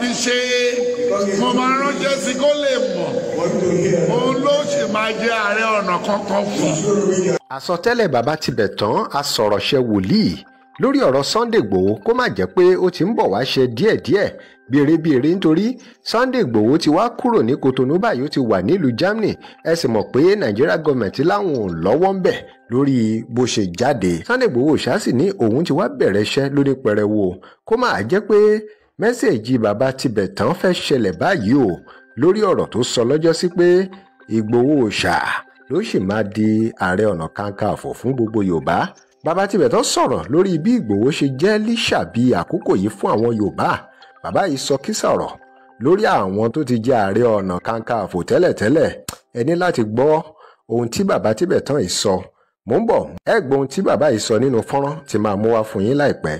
fi ṣe mo máa ránṣẹ́ sí kó lè mọ̀ òun ló ṣe máa jẹ́ ààrẹ ọ̀nà kankan fún. àsọtẹ́lẹ̀ bàbá tibẹ̀ tán a sọ̀rọ̀ ṣe wòlíì lórí ọ̀rọ̀ Sunday Igboho kó má jẹ́ pé ó ti ń bọ̀ wá ṣe díẹ̀díẹ̀ bèrèbèrè nítorí Sunday Igboho ti wá kúrò ní Kotonu báyìí ó ti wà nílùú Germany ẹ sì mọ̀ pé Nàìjíríà gọọmẹ̀ntì láwọn ò lọ́wọ́ ń bẹ̀ lórí bó ṣe jáde Sunday Igboho ṣáà sì ní òun ti wá bẹ̀rẹ̀ iṣẹ́ lórí pẹrẹwu kó má jẹ́ pé mẹ́sẹ̀ẹ̀jì bàbá Tibetan fẹ́ ṣẹlẹ̀ báyìí o lórí ọ̀rọ̀ tó sọ lọ́jọ́sí pé Ìgbòho òòṣà ló sì máa di ààrẹ ọ̀nà kakanfò fún gbogbo Yorùbá bàbá Tibetan sọ̀rọ̀ lórí bí Ìgbòho ṣe jẹ́ líṣàbí àkókò yìí fún àwọn Yorùbá bàbá yìí sọ kí sọ̀rọ̀ lórí àwọn tó ti jẹ ààrẹ ọ̀nà kakanfò tẹ́lẹ̀tẹ́lẹ̀ ẹ ní láti gbọ́ ohun tí bàbá Tibetan yìí sọ mò ń bọ̀ ẹ gbọ́ ohun tí bàbá yìí sọ nínú fọ́nrán tí màá mú wá fún yín láìpẹ́